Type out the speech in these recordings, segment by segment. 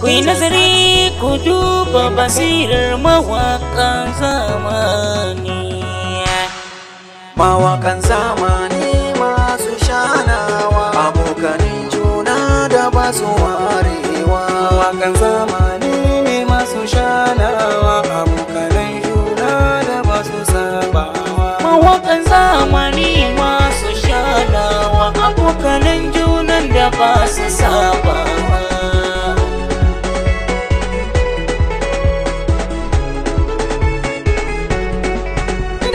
ku nazari ku duba basirar mawakan zamani mawakan zamani masu shanawa abokanin juna da basu su warewa mawakan zamani ne masu shanawa abokanin juna da ba su sabawa mawakan zamani masu shanawa abokanin junan da basu saba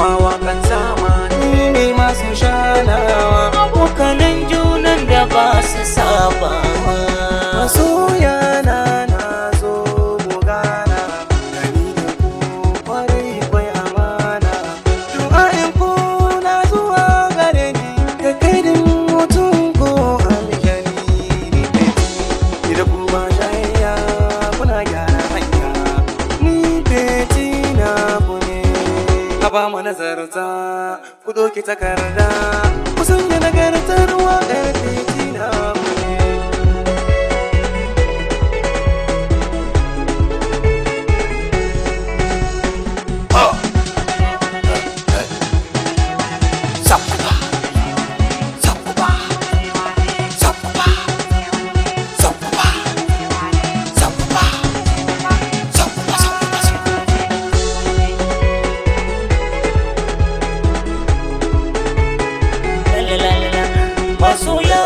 mawakan zamani ne masu shanawa ba mu nazarta ku doki takarda ku sanya nagartar waƙar titina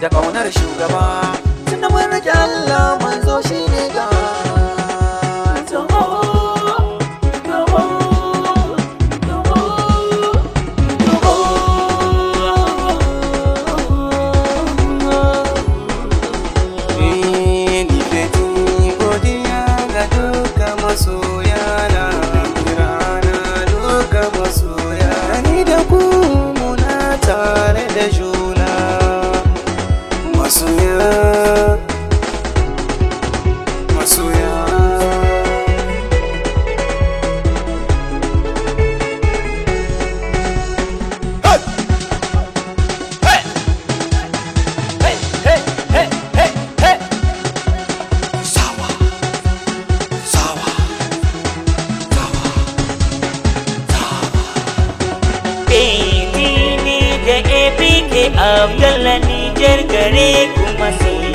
da ƙaunar shugaba tunda mun rike Allah manzo ne ga abdalla nijar gare ku